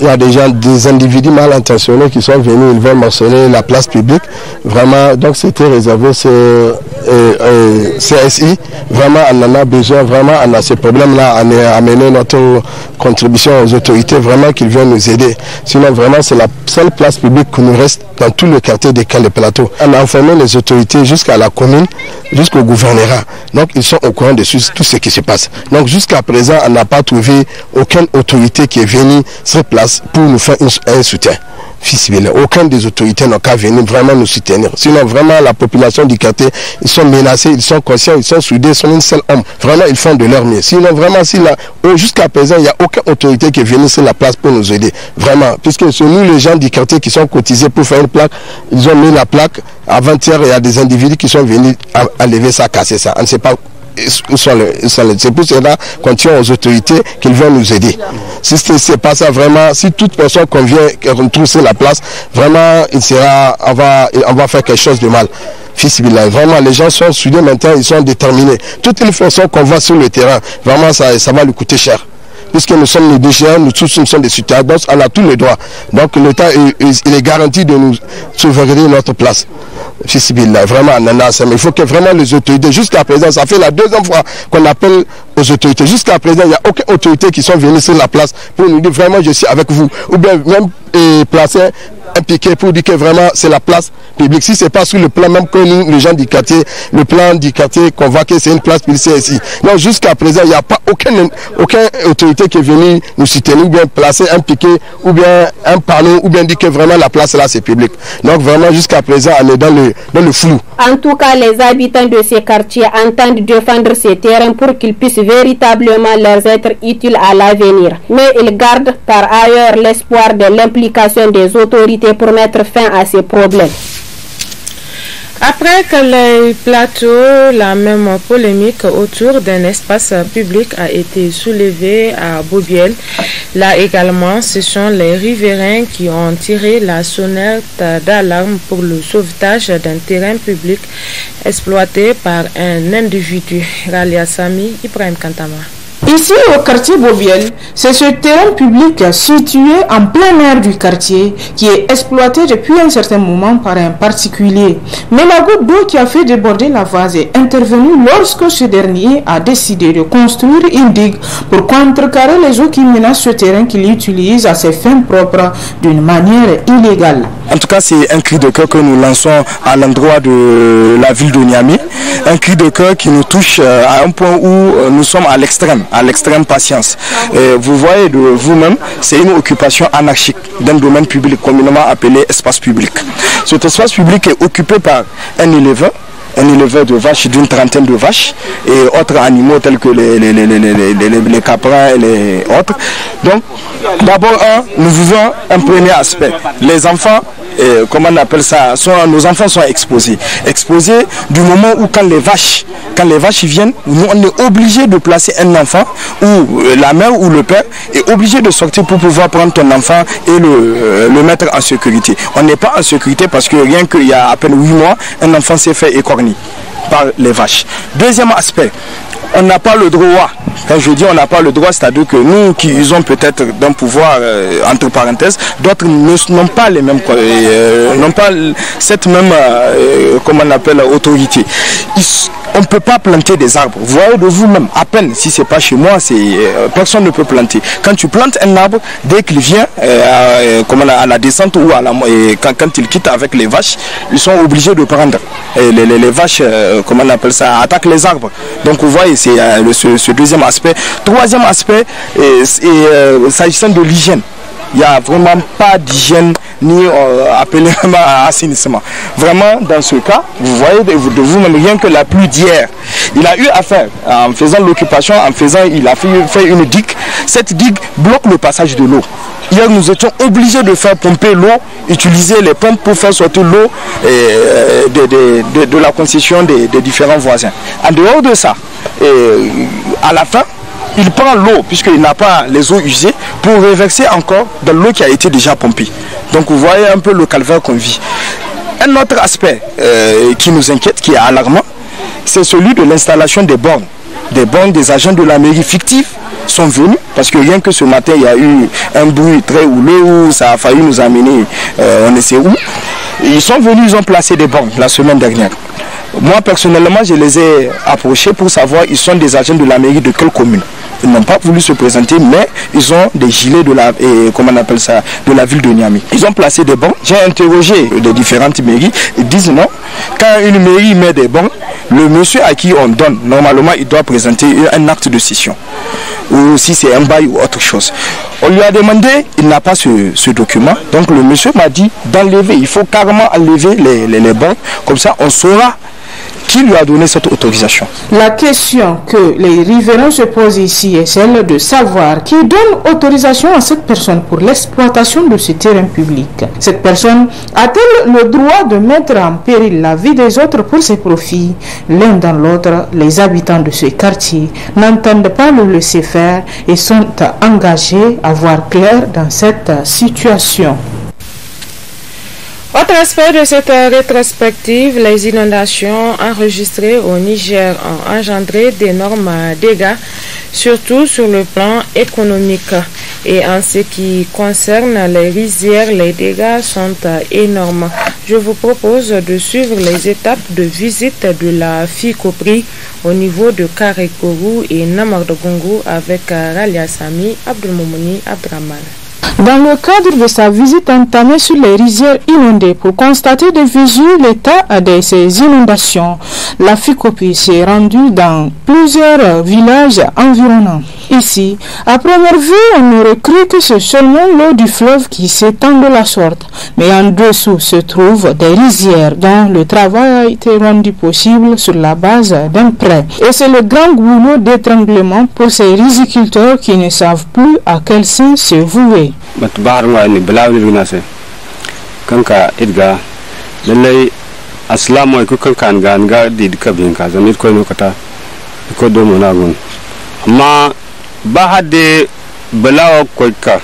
il y a des gens, des individus mal intentionnés qui sont venus, ils veulent morceler la place publique. Vraiment, donc c'était réservé ce euh, euh, CSI. Vraiment, on en a besoin, vraiment, on a ce problème là on a amené notre contribution aux autorités, vraiment qu'ils viennent nous aider. Sinon, vraiment, c'est la seule place publique qui nous reste dans tout le quartier des cannes plateau On a informé les autorités jusqu'à la commune, jusqu'au gouvernement. Donc, ils sont au courant de tout ce qui se passe. Donc, jusqu'à présent, on n'a pas trouvé aucune autorité qui est venue se placer pour nous faire un soutien. Fils aucun des autorités n'a qu'à venir vraiment nous soutenir. Sinon, vraiment, la population du quartier, ils sont menacés, ils sont conscients, ils sont soudés, ils sont une seule homme. Vraiment, ils font de leur mieux. Sinon, vraiment, si jusqu'à présent, il n'y a aucune autorité qui est venue sur la place pour nous aider. Vraiment. Puisque c'est nous, les gens du quartier, qui sont cotisés pour faire une plaque. Ils ont mis la plaque. Avant-hier, il y a des individus qui sont venus enlever ça, casser ça. On ne sait pas c'est pour cela qu'on tient aux autorités qu'ils vont nous aider. Si ce n'est pas ça, vraiment, si toute personne convient, qu'on trouve la place, vraiment, il sera, on va, on va faire quelque chose de mal. Fils vraiment, les gens sont soudés maintenant, ils sont déterminés. Toutes les façons qu'on voit sur le terrain, vraiment, ça, ça va lui coûter cher puisque nous sommes déchets, nous tous nous sommes des citoyens, donc on a tous les droits. Donc l'État il est garanti de nous souverainer notre place. Vraiment, il faut que vraiment les autorités, jusqu'à présent, ça fait la deuxième fois qu'on appelle autorités. Jusqu'à présent, il n'y a aucune autorité qui soit venue sur la place pour nous dire vraiment je suis avec vous. Ou bien même placer un piquet pour dire que vraiment c'est la place publique. Si c'est pas sur le plan même que nous, les gens du quartier, le plan du quartier qu'on c'est une place publique ici. Donc jusqu'à présent, il n'y a pas aucune, aucune autorité qui est venue nous soutenir, ou bien placer un piquet, ou bien un panneau, ou bien dire que vraiment la place là c'est public. Donc vraiment jusqu'à présent, elle est dans le, dans le flou. En tout cas, les habitants de ces quartiers entendent défendre ces terrains pour qu'ils puissent véritablement leurs êtres utiles à l'avenir. Mais ils gardent par ailleurs l'espoir de l'implication des autorités pour mettre fin à ces problèmes. Après que les plateaux, la même polémique autour d'un espace public a été soulevée à Bobiel, là également, ce sont les riverains qui ont tiré la sonnette d'alarme pour le sauvetage d'un terrain public exploité par un individu. Ralia Sami, Ibrahim Kantama. Ici, au quartier Bobiel, c'est ce terrain public situé en plein air du quartier qui est exploité depuis un certain moment par un particulier. Mais la goutte d'eau qui a fait déborder la vase est intervenue lorsque ce dernier a décidé de construire une digue pour contrecarrer les eaux qui menacent ce terrain qu'il utilise à ses fins propres d'une manière illégale. En tout cas, c'est un cri de cœur que nous lançons à l'endroit de la ville de Niamey. Un cri de cœur qui nous touche euh, à un point où euh, nous sommes à l'extrême à l'extrême patience. vous voyez de vous-même, c'est une occupation anarchique d'un domaine public communément appelé espace public. Cet espace public est occupé par un élève un éleveur de vaches, d'une trentaine de vaches et autres animaux tels que les, les, les, caprins et les autres. Donc, d'abord, nous voulons un premier aspect. Les enfants, comment on appelle ça, nos enfants sont exposés. Exposés du moment où quand les vaches, quand les vaches viennent, on est obligé de placer un enfant ou euh, la mère ou le père est obligé de sortir pour pouvoir prendre ton enfant et le, euh, le mettre en sécurité. On n'est pas en sécurité parce que rien qu'il y a à peine 8 mois, un enfant s'est fait écorner par les vaches. Deuxième aspect, on n'a pas le droit. Quand hein, je dis on n'a pas le droit, c'est-à-dire que nous qui usons peut-être d'un pouvoir, euh, entre parenthèses, d'autres n'ont pas les mêmes, euh, n'ont pas cette même, euh, comment on appelle, autorité on ne peut pas planter des arbres. Voyez de vous-même, à peine, si ce n'est pas chez moi, euh, personne ne peut planter. Quand tu plantes un arbre, dès qu'il vient euh, à, euh, comme à, la, descente ou à la, quand, quand, il quitte avec les vaches, ils sont obligés de prendre. les, vaches, comment on appelle ça, attaquent les arbres. Donc vous voyez, c'est ce, ce, deuxième aspect. Troisième aspect, s'agissant de l'hygiène il n'y a vraiment pas d'hygiène ni euh, appelé à assainissement. Vraiment, dans ce cas, vous voyez de vous, même rien que la pluie d'hier, il a eu affaire en faisant l'occupation, en faisant, il a fait, une digue. Cette digue bloque le passage de l'eau. Hier, nous étions obligés de faire pomper l'eau, utiliser les pompes pour faire sortir l'eau euh, de, la concession des, différents voisins. En dehors de ça, et à la fin, il prend l'eau, puisqu'il n'a pas les eaux usées, pour reverser encore de l'eau qui a été déjà pompée. Donc vous voyez un peu le calvaire qu'on vit. Un autre aspect euh, qui nous inquiète, qui est alarmant, c'est celui de l'installation des bornes des banques, des agents de la mairie fictifs sont venus parce que rien que ce matin il y a eu un bruit très houleux où ça a failli nous amener euh, on ne sait où. Ils sont venus, ils ont placé des banques la semaine dernière. Moi personnellement je les ai approchés pour savoir ils sont des agents de la mairie de quelle commune. Ils n'ont pas voulu se présenter, mais ils ont des gilets de la, euh, on appelle ça, de la ville de Niamey. Ils ont placé des banques, J'ai interrogé des différentes mairies. Ils disent non. Quand une mairie met des banques le monsieur à qui on donne, normalement, il doit présenter un acte de cession ou si c'est un bail ou autre chose. On lui a demandé, il n'a pas ce, document. Donc le monsieur m'a dit d'enlever, il faut carrément enlever les, les, les Comme ça, on saura qui lui a donné cette autorisation La question que les riverains se posent ici est celle de savoir qui donne autorisation à cette personne pour l'exploitation de ce terrain public. Cette personne a-t-elle le droit de mettre en péril la vie des autres pour ses profits L'un dans l'autre, les habitants de ce quartier n'entendent pas le laisser faire et sont engagés à voir clair dans cette situation. Autre aspect de cette rétrospective, les inondations enregistrées au Niger ont engendré d'énormes dégâts, surtout sur le plan économique. Et en ce qui concerne les rizières, les dégâts sont énormes. Je vous propose de suivre les étapes de visite de la FICOPRI au niveau de Karekourou et Namardogongo avec euh, Ralia Sami, Abdelmoumouni Abdraman. Dans le cadre de sa visite entamée sur les rizières inondées pour constater de visu l'état de ces inondations, la FICOPI s'est rendue dans plusieurs villages environnants. Ici, à première vue, on aurait cru que c'est seulement l'eau du fleuve qui s'étend de la sorte, mais en dessous se trouvent des rizières dont le travail a été rendu possible sur la base d'un prêt. Et c'est le grand goulot d'étranglement pour ces riziculteurs qui ne savent plus à quel sens se vouer. lallai mata wa ne bala ne runa sai kanka idga lallai assalamu alaikum kanka ga ga di duka bin ka ni ko no kata ko do mo na gun amma ba de bala ko ka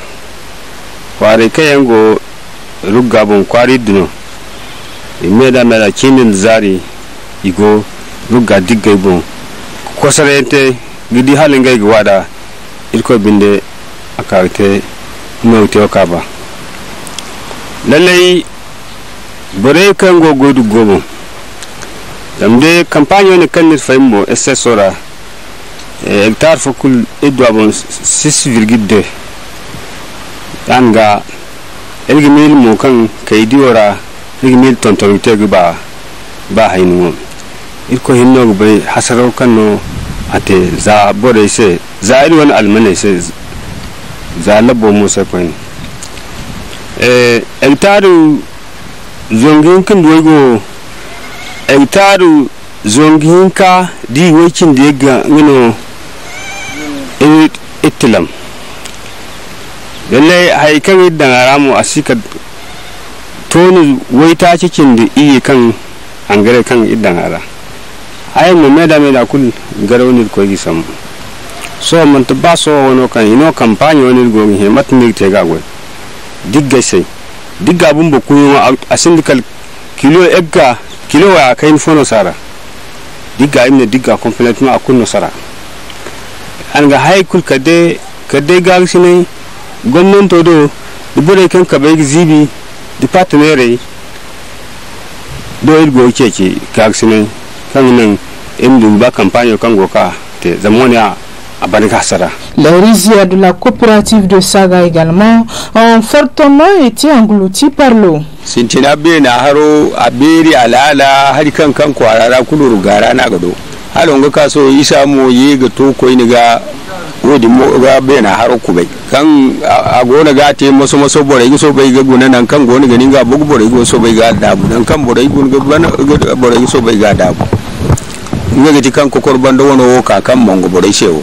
ware kayan go ruggabon kwari dino imeda mera kinin zari igo rugga digga ibon ente gidi halin gai gwada irko binde akarte no tewka ba lallai bore kan gogo godu gobo yamde campagne e, ne kan nit faymo essesora hectare fokul edwa bon 6,2 danga elgi mil mu kan kaydiora elgi mil tontori tegu ba ba hainu irko hinno bai hasaro kanno ate za bore se za irwan almane se zalabo musa kwani eh entaru zongin kin dogo entaru zongin ka di wakin da ga ngino itilam lalle haikan yadda ramu a sika toni waita cikin da iya kan angare kan idan ara ayan mu meda meda kul garawni ko yi samu so man to ba so wono kan ino kampanya woni go he mat ni te ga go digga sai digga bun ba kuyo a syndical kilo egga kilo wa kai fono sara digga imne digga complete a akun sara an ga hay kul kade kade ga sine gwamnan to do dubure kan ka bai zibi department do ilgo keke ga sine kan nan imdu ba kampanyo kan ka te zamoniya à Banikassara. Les rizières de la coopérative de Saga également ont fortement été englouties par l'eau. Sintina bena haro aberi alala har kan kan kwarara kulur gara na gado. Halonga kaso isa mo yi ga to koi ni ga wodi mo ga bena haro kubai. Kan agona gona ga te maso maso borai so bai ga guna nan kan gona ganin ga bugu borai go so bai ga dabu nan kan borai gun ga borai so bai ga dabu. Nga ti kan kokor bando wono woka kan mongo borai shewo.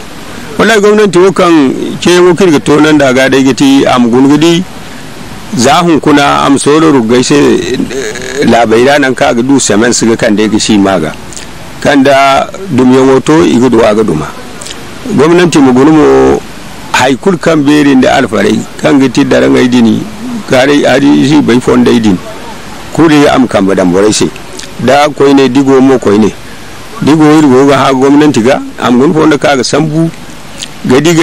wala gwamnati wakan ke wukir ga tonan da gada daga ti am gungudi zahun kuna am soro rugai sai eh, labaira nan ka ga du semen su ga kan daga shi maga kan da dumyan wato igu duwa ga duma gwamnati mu haikul kan berin da alfarai kan giti da rangai dini kare ari shi bai da idin kuri am kan badan borai sai da koi ne digo mo koi ne digo irgo ga ha gwamnati ga am gun da ka ga sambu L'inondation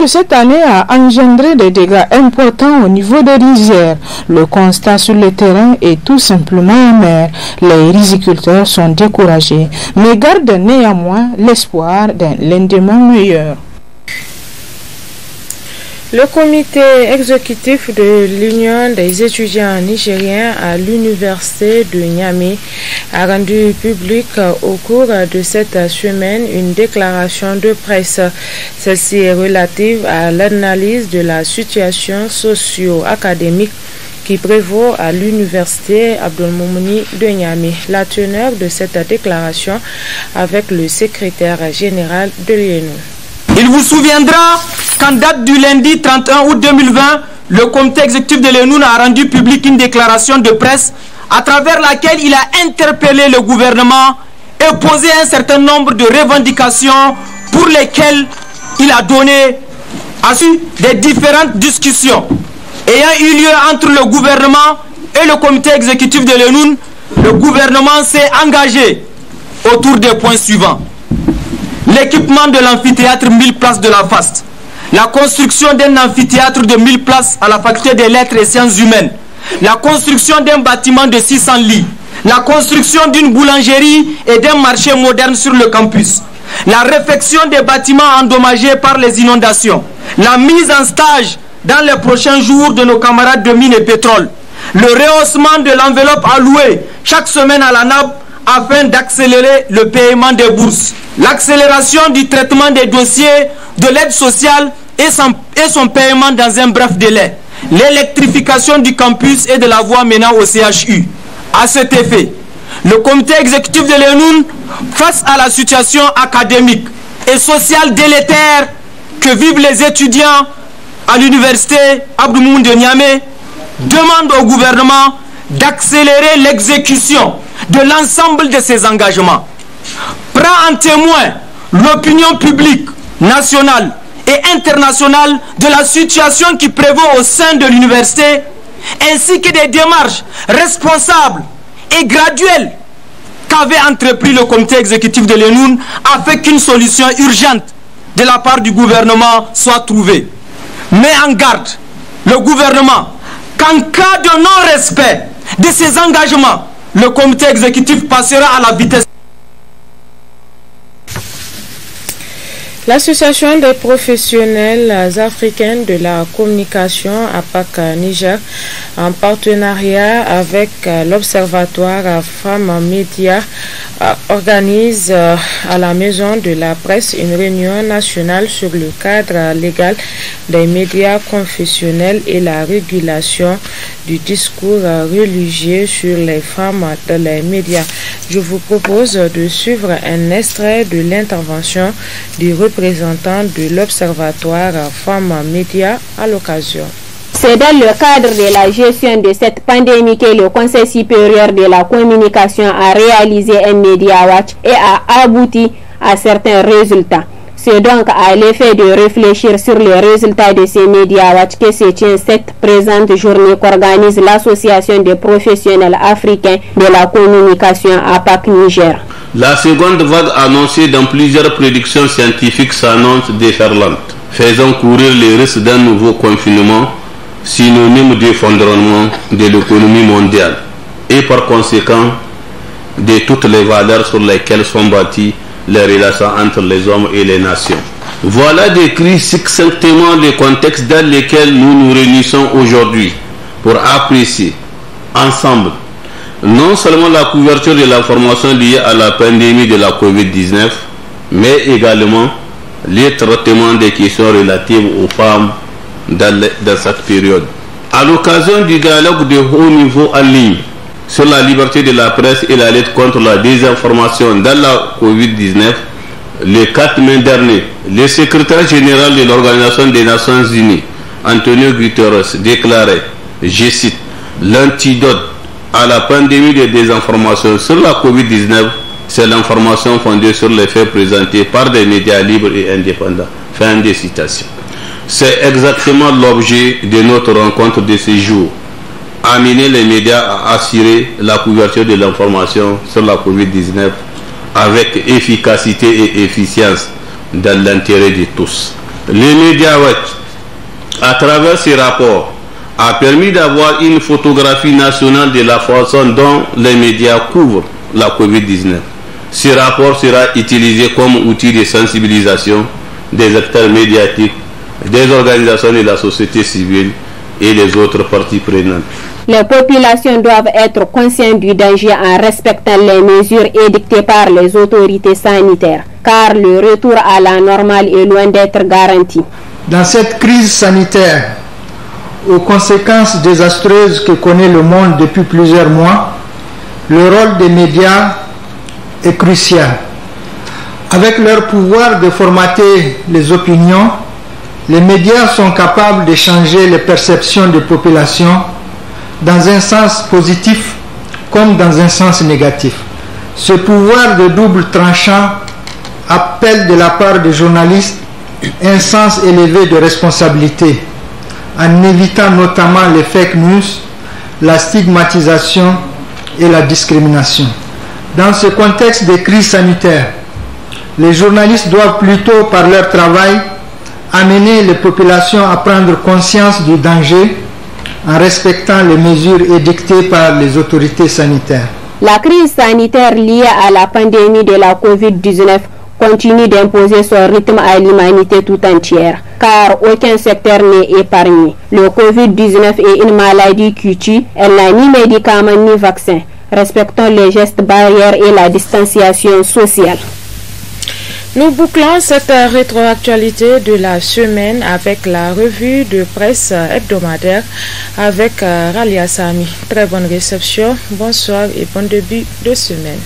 de cette année a engendré des dégâts importants au niveau des rizières. Le constat sur le terrain est tout simplement amer. Les riziculteurs sont découragés, mais gardent néanmoins l'espoir d'un lendemain meilleur. Le comité exécutif de l'Union des étudiants nigériens à l'université de Niamey a rendu public euh, au cours de cette semaine une déclaration de presse. Celle-ci est relative à l'analyse de la situation socio-académique qui prévaut à l'université Abdelmoumouni de Niamey. La teneur de cette déclaration avec le secrétaire général de l'UNO. Il vous souviendra quand date du lundi 31 août 2020, le comité exécutif de l'ENUN a rendu publique une déclaration de presse à travers laquelle il a interpellé le gouvernement et posé un certain nombre de revendications pour lesquelles il a donné à des différentes discussions ayant eu lieu entre le gouvernement et le comité exécutif de l'ENUN. Le gouvernement s'est engagé autour des points suivants. L'équipement de l'amphithéâtre 1000 places de la FAST, la construction d'un amphithéâtre de 1000 places à la faculté des lettres et sciences humaines, la construction d'un bâtiment de 600 lits, la construction d'une boulangerie et d'un marché moderne sur le campus, la réfection des bâtiments endommagés par les inondations, la mise en stage dans les prochains jours de nos camarades de mine et pétrole, le rehaussement de l'enveloppe allouée chaque semaine à la NAB afin d'accélérer le paiement des bourses, l'accélération du traitement des dossiers de l'aide sociale et son, paiement dans un bref délai. L'électrification du campus et de la voie menant au CHU. A cet effet, le comité exécutif de l'ENUN, face à la situation académique et sociale délétère que vivent les étudiants à l'université Abdoumoune de Niamey, demande au gouvernement d'accélérer l'exécution de l'ensemble de ses engagements. Prend en témoin l'opinion publique nationale et internationale de la situation qui prévaut au sein de l'université, ainsi que des démarches responsables et graduelles qu'avait entrepris le comité exécutif de l'ENUN afin qu'une solution urgente de la part du gouvernement soit trouvée. Mais en garde le gouvernement qu'en cas de non-respect de ses engagements, le comité exécutif passera à la vitesse. L'association des professionnels africains de la communication APAC Niger, en partenariat avec euh, l'Observatoire Femmes Médias, euh, organise euh, à la Maison de la Presse une réunion nationale sur le cadre légal des médias confessionnels et la régulation du discours religieux sur les femmes dans les médias. Je vous propose de suivre un extrait de l'intervention du représentant représentant de l'Observatoire Femmes Médias à l'occasion. C'est dans le cadre de la gestion de cette pandémie que le Conseil supérieur de la communication a réalisé un Media Watch et a abouti à certains résultats. C'est donc à l'effet de réfléchir sur les résultats de ces médias Watch que se tient cette présente journée qu'organise l'Association des professionnels africains de la communication à APAC Niger. La seconde vague annoncée dans plusieurs prédictions scientifiques s'annonce déferlante, faisant courir les risques d'un nouveau confinement, synonyme d'effondrement de l'économie mondiale et par conséquent de toutes les valeurs sur lesquelles sont bâties les relations entre les hommes et les nations. Voilà décrit succinctement le contexte dans lequel nous nous réunissons aujourd'hui pour apprécier ensemble non seulement la couverture de l'information liée à la pandémie de la COVID-19, mais également les traitements des questions relatives aux femmes dans, cette période. À l'occasion du dialogue de haut niveau en ligne sur la liberté de la presse et la lutte contre la désinformation dans la COVID-19, le 4 mai dernier, le secrétaire général de l'Organisation des Nations Unies, Antonio Guterres, déclarait, je cite, l'antidote à la pandémie de désinformation sur la COVID-19, c'est l'information fondée sur les faits présentés par des médias libres et indépendants. Fin de citation. C'est exactement l'objet de notre rencontre de ce jour amener les médias à assurer la couverture de l'information sur la COVID-19 avec efficacité et efficience dans l'intérêt de tous. Les médias à travers ces rapports, a permis d'avoir une photographie nationale de la façon dont les médias couvrent la COVID-19. Ce rapport sera utilisé comme outil de sensibilisation des acteurs médiatiques, des organisations de la société civile et des autres parties prenantes. Les populations doivent être conscientes du danger en respectant les mesures édictées par les autorités sanitaires, car le retour à la normale est loin d'être garanti. Dans cette crise sanitaire, aux conséquences désastreuses que connaît le monde depuis plusieurs mois, le rôle des médias est crucial. Avec leur pouvoir de formater les opinions, les médias sont capables de changer les perceptions des populations dans un sens positif comme dans un sens négatif. Ce pouvoir de double tranchant appelle de la part des journalistes un sens élevé de responsabilité, en évitant notamment les fake news, la stigmatisation et la discrimination. Dans ce contexte de crise sanitaire, les journalistes doivent plutôt, par leur travail, amener les populations à prendre conscience du danger en respectant les mesures édictées par les autorités sanitaires. La crise sanitaire liée à la pandémie de la COVID-19 continue d'imposer son rythme à l'humanité tout entière, car aucun secteur n'est épargné. Le COVID-19 est une maladie qui tue, elle n'a ni médicaments ni vaccins, respectant les gestes barrières et la distanciation sociale. Nous bouclons cette rétroactualité de la semaine avec la revue de presse hebdomadaire avec euh, Ralia Sami. Très bonne réception, bonsoir et bon début de semaine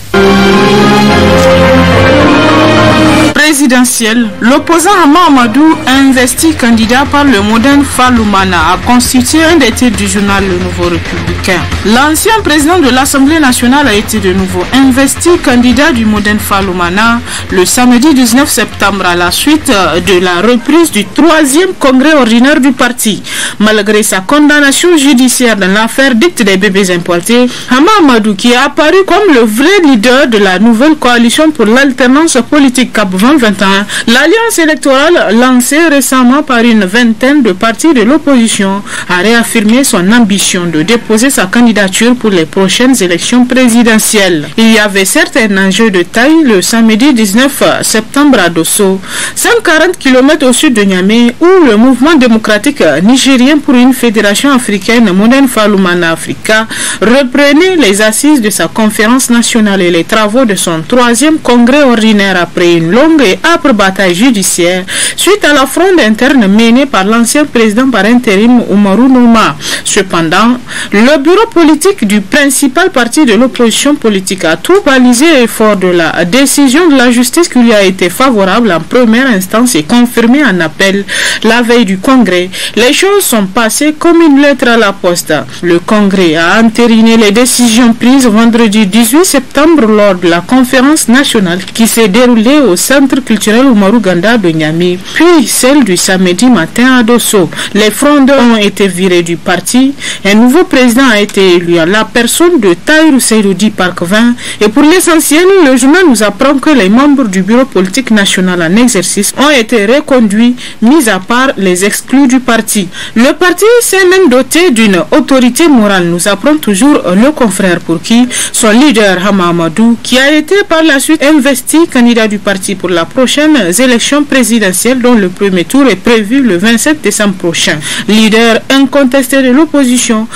présidentielle, l'opposant Amadou, investi candidat par le modern Faloumana, a constitué un des titres du journal Le Nouveau Républicain. L'ancien président de l'Assemblée nationale a été de nouveau investi candidat du modern Faloumana le samedi 19 septembre à la suite euh, de la reprise du troisième congrès ordinaire du parti. Malgré sa condamnation judiciaire dans l'affaire dite des bébés importés, Hama Amadou, qui est apparu comme le vrai leader de la nouvelle coalition pour l'alternance politique, CAP 2021, l'alliance électorale lancée récemment par une vingtaine de partis de l'opposition a réaffirmé son ambition de déposer sa candidature pour les prochaines élections présidentielles. Il y avait certains enjeux de taille le samedi 19 septembre à Dosso, 140 km au sud de Niamey, où le mouvement démocratique nigérien pour une fédération africaine moderne Falumana Africa reprenait les assises de sa conférence nationale et les travaux de son troisième congrès ordinaire à après une longue et âpre bataille judiciaire suite à la fronde interne menée par l'ancien président par intérim Oumarou Nouma. Cependant, le bureau politique du principal parti de l'opposition politique a tout balisé et fort de la décision de la justice qui lui a été favorable en première instance et confirmée en appel la veille du Congrès. Les choses sont passées comme une lettre à la poste. Le Congrès a entériné les décisions prises vendredi 18 septembre lors de la conférence nationale qui s'est déroulée au Centre culturel Oumarou Ganda de Niamey puis celle du samedi matin à Dosso. Les frondes ont été virés du parti. Un nouveau président a été élu à la personne de Taïrou Seyroudi Parkvin. Et pour l'essentiel, le journal nous apprend que les membres du bureau politique national en exercice ont été reconduits, mis à part les exclus du parti. Le parti s'est même doté d'une autorité morale, nous apprend toujours le confrère pour qui son leader Hamamadou, qui a été par la suite investi candidat du parti pour la prochaine élection présidentielle le premier tour est prévu le 27 décembre prochain. Leader incontesté de l'opposition,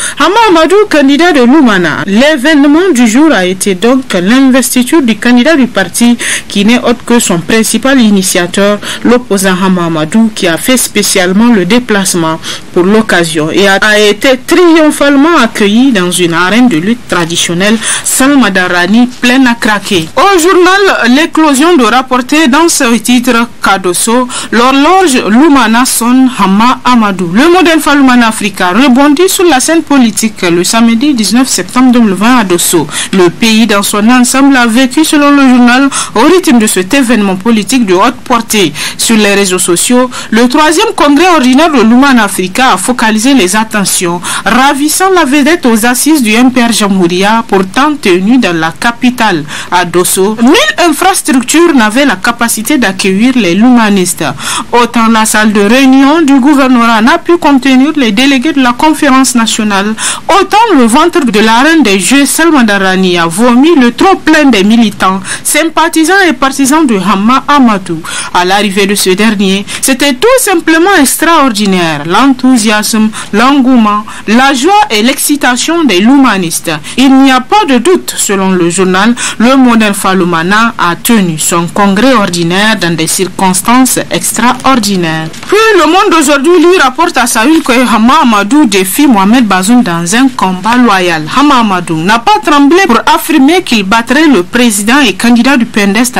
Amadou, candidat de Lumana. L'événement du jour a été donc l'investiture du candidat du parti qui n'est autre que son principal initiateur, l'opposant Hamamadou, qui a fait spécialement le déplacement pour l'occasion et a, été triomphalement accueilli dans une arène de lutte traditionnelle, sans madarani, pleine à craquer. Au journal, l'éclosion de rapporter dans ce titre Kadoso, L'horloge Lumana sonne Hama Amadou. Le modèle Falumana Africa rebondit sur la scène politique le samedi 19 septembre 2020 à Dosso. Le pays dans son ensemble a vécu selon le journal au rythme de cet événement politique de haute portée. Sur les réseaux sociaux, le troisième congrès ordinaire de Lumana Africa a focalisé les attentions, ravissant la vedette aux assises du MPR Jamouria, pourtant tenu dans la capitale à Dosso. Mille infrastructures n'avaient la capacité d'accueillir les Lumanistes. Autant la salle de réunion du gouvernorat n'a pu contenir les délégués de la conférence nationale, autant le ventre de la reine des Jeux Darani a vomi le trop plein des militants, sympathisants et partisans de Hamma Amadou. À l'arrivée de ce dernier, c'était tout simplement extraordinaire, l'enthousiasme, l'engouement, la joie et l'excitation des humanistes. Il n'y a pas de doute, selon le journal, le modèle Falumana a tenu son congrès ordinaire dans des circonstances exceptionnelles puis le monde d'aujourd'hui lui rapporte à Saül que Hama Amadou défie Mohamed Bazoum dans un combat loyal. Hama Amadou n'a pas tremblé pour affirmer qu'il battrait le président et candidat du PNDS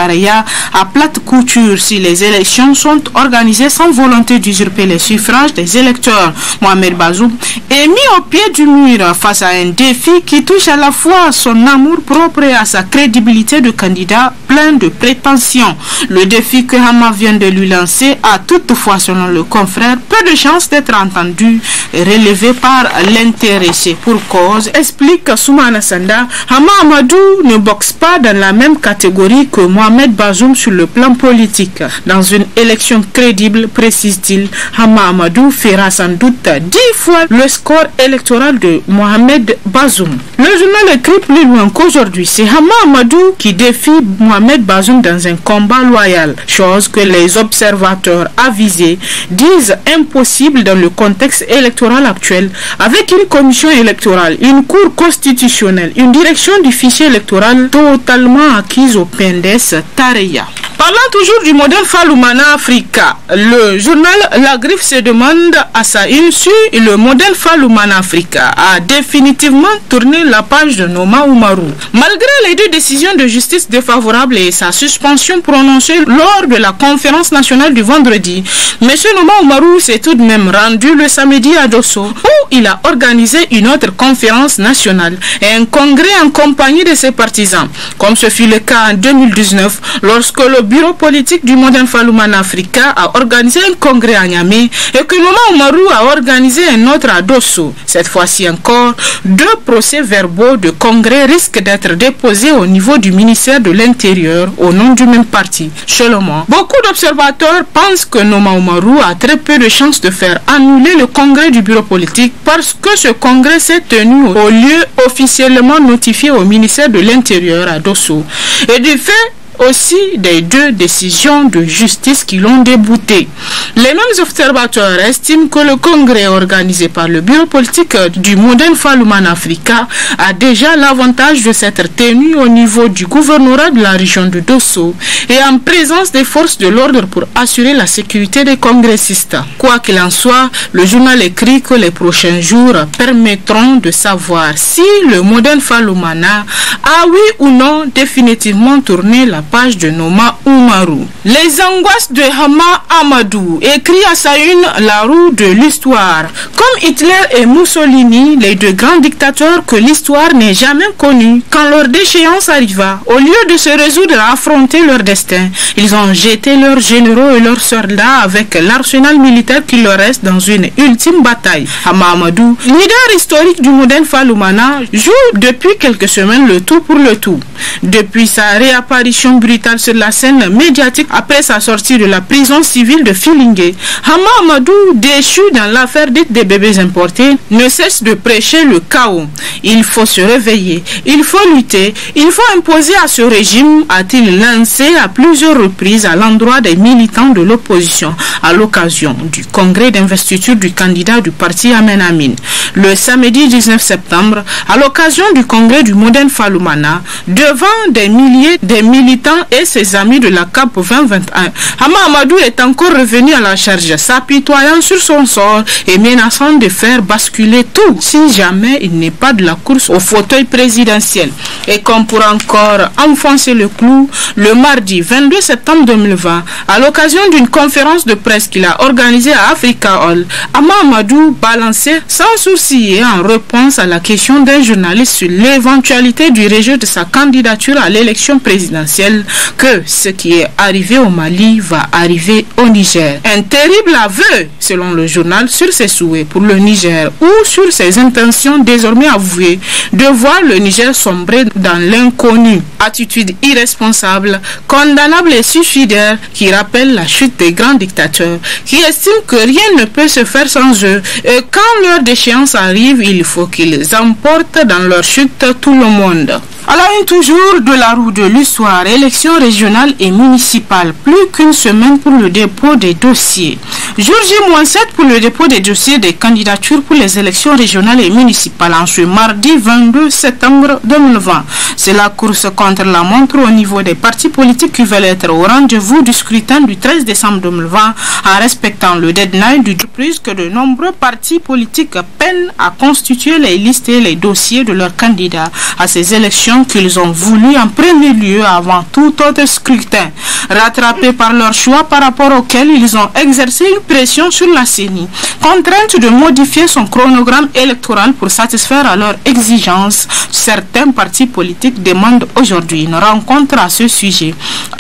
à plate couture si les élections sont organisées sans volonté d'usurper les suffrages des électeurs. Mohamed Bazoum est mis au pied du mur face à un défi qui touche à la fois son amour propre et à sa crédibilité de candidat plein de prétentions. Le défi que Hama vient de lui lancer a toutefois, selon le confrère, peu de chances d'être entendu et relevé par l'intéressé. Pour cause, explique Soumana Sanda, Hama Amadou ne boxe pas dans la même catégorie que Mohamed Bazoum sur le plan politique. Dans une élection crédible, précise-t-il, Hama Amadou fera sans doute dix fois le score électoral de Mohamed Bazoum. Le journal écrit plus loin qu'aujourd'hui, c'est Hama Amadou qui défie Mohamed Bazoum dans un combat loyal, chose que les observateurs avisés disent impossible dans le contexte électoral actuel avec une commission électorale, une cour constitutionnelle, une direction du fichier électoral totalement acquise au PNDS Tareya. Parlant toujours du modèle Faloumana Africa, le journal La Griffe se demande à sa si le modèle Faloumana Africa a définitivement tourné la page de Noma Oumarou. Malgré les deux décisions de justice défavorables et sa suspension prononcée lors de la conférence nationale du vendredi, M. Noma Oumarou s'est tout de même rendu le samedi à Dosso où il a organisé une autre conférence nationale et un congrès en compagnie de ses partisans, comme ce fut le cas en 2019 lorsque le bureau politique du Modern Falouman Africa a organisé un congrès à Niamey et que Noma a organisé un autre à Dosso. Cette fois-ci encore, deux procès verbaux de congrès risquent d'être déposés au niveau du ministère de l'Intérieur au nom du même parti, Seulement, Beaucoup d'observateurs pensent que Noma Oumarou a très peu de chances de faire annuler le congrès du bureau politique parce que ce congrès s'est tenu au lieu officiellement notifié au ministère de l'Intérieur à Dosso. Et du fait, aussi des deux décisions de justice qui l'ont débouté. Les mêmes observateurs estiment que le congrès organisé par le bureau politique du Modern Faloumana Africa a déjà l'avantage de s'être tenu au niveau du gouvernorat de la région de Dosso et en présence des forces de l'ordre pour assurer la sécurité des congressistes. Quoi qu'il en soit, le journal écrit que les prochains jours permettront de savoir si le Modern Falumana a oui ou non définitivement tourné la page de Noma Oumarou. Les angoisses de Hama Amadou, écrit à sa une la roue de l'histoire. Comme Hitler et Mussolini, les deux grands dictateurs que l'histoire n'est jamais connus, quand leur déchéance arriva, au lieu de se résoudre à affronter leur destin, ils ont jeté leurs généraux et leurs soldats avec l'arsenal militaire qui leur reste dans une ultime bataille. Hama Amadou, leader historique du modèle Faloumana, joue depuis quelques semaines le tout pour le tout. Depuis sa réapparition brutale sur la scène médiatique après sa sortie de la prison civile de Filingue. Hama Amadou, déchu dans l'affaire dite des bébés importés, ne cesse de prêcher le chaos. Il faut se réveiller, il faut lutter, il faut imposer à ce régime, a-t-il lancé à plusieurs reprises à l'endroit des militants de l'opposition à l'occasion du congrès d'investiture du candidat du parti Amen Amin. Le samedi 19 septembre, à l'occasion du congrès du Modène Faloumana, devant des milliers de militants et ses amis de la CAP 2021. Hama Amadou est encore revenu à la charge, s'apitoyant sur son sort et menaçant de faire basculer tout si jamais il n'est pas de la course au fauteuil présidentiel. Et comme pour encore enfoncer le clou, le mardi 22 septembre 2020, à l'occasion d'une conférence de presse qu'il a organisée à Africa Hall, Amadou balançait sans souci et en réponse à la question d'un journaliste sur l'éventualité du rejet de sa candidature à l'élection présidentielle que ce qui est arrivé au Mali va arriver au Niger. Un terrible aveu, selon le journal, sur ses souhaits pour le Niger ou sur ses intentions désormais avouées de voir le Niger sombrer dans l'inconnu. Attitude irresponsable, condamnable et suicidaire qui rappelle la chute des grands dictateurs qui estiment que rien ne peut se faire sans eux et quand leur déchéance arrive, il faut qu'ils emportent dans leur chute tout le monde. À la une toujours de la roue de l'histoire, élections régionales et municipales, plus qu'une semaine pour le dépôt des dossiers. Jour J-7 pour le dépôt des dossiers des candidatures pour les élections régionales et municipales en ce mardi 22 septembre 2020. C'est la course contre la montre au niveau des partis politiques qui veulent être au rendez-vous du scrutin du 13 décembre 2020 en respectant le deadline du plus que de nombreux partis politiques peinent à constituer les listes et les dossiers de leurs candidats à ces élections qu'ils ont voulu en premier lieu avant tout autre scrutin. Rattrapés par leur choix par rapport auquel ils ont exercé une pression sur la CENI, contrainte de modifier son chronogramme électoral pour satisfaire à leurs exigences. Certains partis politiques demandent aujourd'hui une rencontre à ce sujet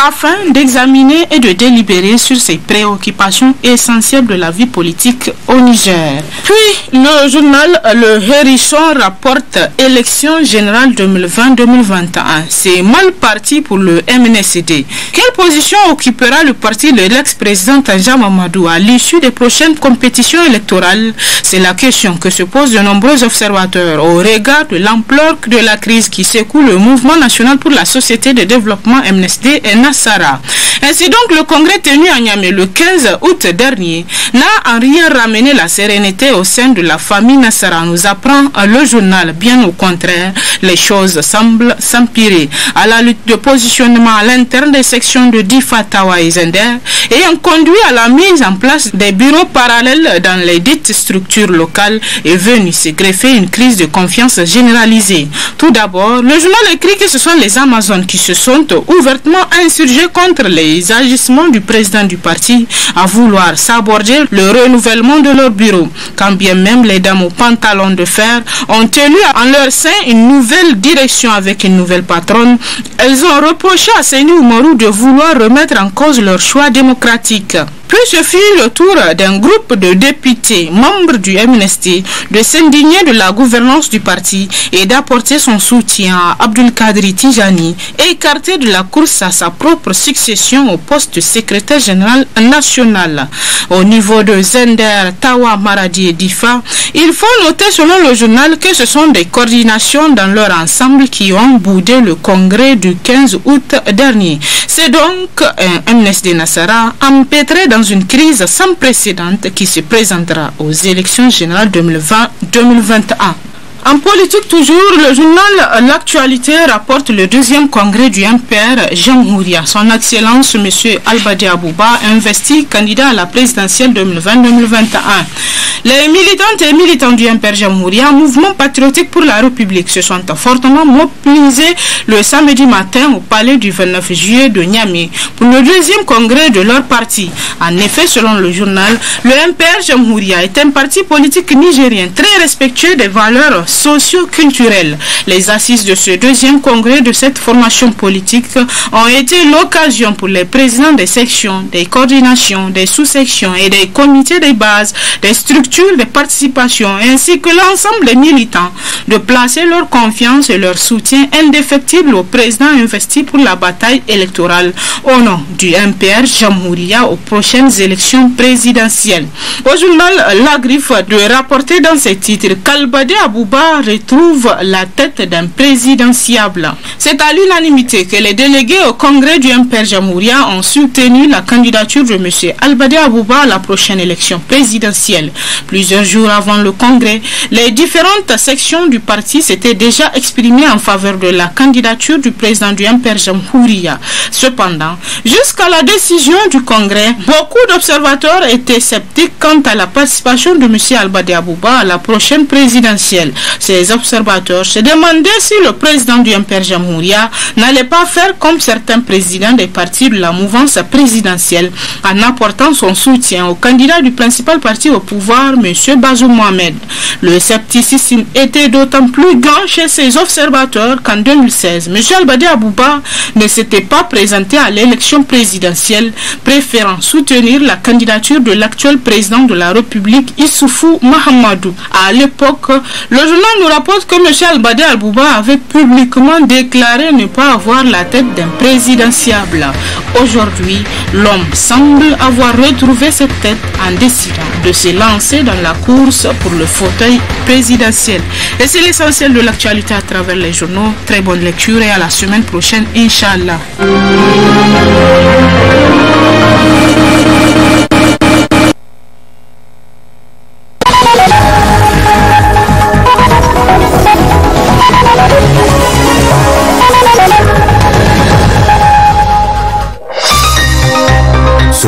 afin d'examiner et de délibérer sur ces préoccupations essentielles de la vie politique au Niger. Puis, le journal Le Hérisson rapporte élection générale 2020-2021. C'est mal parti pour le MNCD. Quelle position occupera le parti de l'ex-président Tanja Mamadou Ali l'issue des prochaines compétitions électorales C'est la question que se posent de nombreux observateurs au regard de l'ampleur de la crise qui secoue le mouvement national pour la société de développement MNSD et Nassara. Ainsi donc, le congrès tenu à Niamey le 15 août dernier n'a en rien ramené la sérénité au sein de la famille Nassara, nous apprend le journal. Bien au contraire, les choses semblent s'empirer. À la lutte de positionnement à l'interne des sections de Difatawa et Zender, ayant conduit à la mise en place des bureaux parallèles dans les dites structures locales est venue se greffer une crise de confiance généralisée. Tout d'abord, le journal écrit que ce sont les Amazones qui se sont ouvertement insurgés contre les agissements du président du parti à vouloir s'aborder le renouvellement de leur bureau, quand bien même les dames aux pantalons de fer ont tenu en leur sein une nouvelle direction avec une nouvelle patronne. Elles ont reproché à Seyni Oumarou de vouloir remettre en cause leur choix démocratique. Puis ce fut le tour d'un groupe de députés, membres du MNSD de s'indigner de la gouvernance du parti et d'apporter son soutien à Kadri Tijani, écarté de la course à sa propre succession au poste de secrétaire général national. Au niveau de Zender, Tawa, Maradi et Difa, il faut noter selon le journal que ce sont des coordinations dans leur ensemble qui ont boudé le congrès du 15 août dernier. C'est donc un MNSD Nassara empêtré dans dans une crise sans précédent qui se présentera aux élections générales 2020-2021. En politique toujours, le journal L'actualité rapporte le deuxième congrès du MPR Jamhouria. Son Excellence M. Albadi Bouba investi candidat à la présidentielle 2020-2021. Les militantes et militants du MPR Jamhouria, mouvement patriotique pour la République, se sont fortement mobilisés le samedi matin au palais du 29 juillet de Niamey pour le deuxième congrès de leur parti. En effet, selon le journal, le MPR Jamhouria est un parti politique nigérien très respectueux des valeurs socio Les assises de ce deuxième congrès de cette formation politique ont été l'occasion pour les présidents des sections, des coordinations, des sous-sections et des comités des bases, des structures de participation ainsi que l'ensemble des militants de placer leur confiance et leur soutien indéfectible au président investi pour la bataille électorale au nom du MPR Jamouria aux prochaines élections présidentielles. Au journal La Griffe de rapporter dans ses titres Kalbade Abouba retrouve la tête d'un présidentiable. C'est à l'unanimité que les délégués au congrès du MPR Jamouria ont soutenu la candidature de M. albadi Abouba à la prochaine élection présidentielle. Plusieurs jours avant le congrès, les différentes sections du parti s'étaient déjà exprimées en faveur de la candidature du président du MPR Jamouria. Cependant, jusqu'à la décision du congrès, beaucoup d'observateurs étaient sceptiques quant à la participation de M. albadi Abouba à la prochaine présidentielle. Ces observateurs se demandaient si le président du MPR Jamouria n'allait pas faire comme certains présidents des partis de la mouvance présidentielle en apportant son soutien au candidat du principal parti au pouvoir, M. Bazou Mohamed. Le scepticisme était d'autant plus grand chez ces observateurs qu'en 2016, M. Albadé Abouba ne s'était pas présenté à l'élection présidentielle, préférant soutenir la candidature de l'actuel président de la République, Issoufou Mahamadou. À l'époque, le nous rapporte que Michel Albadé Albouba avait publiquement déclaré ne pas avoir la tête d'un présidentiable. Aujourd'hui, l'homme semble avoir retrouvé cette tête en décidant de se lancer dans la course pour le fauteuil présidentiel. Et c'est l'essentiel de l'actualité à travers les journaux. Très bonne lecture et à la semaine prochaine, Inch'Allah.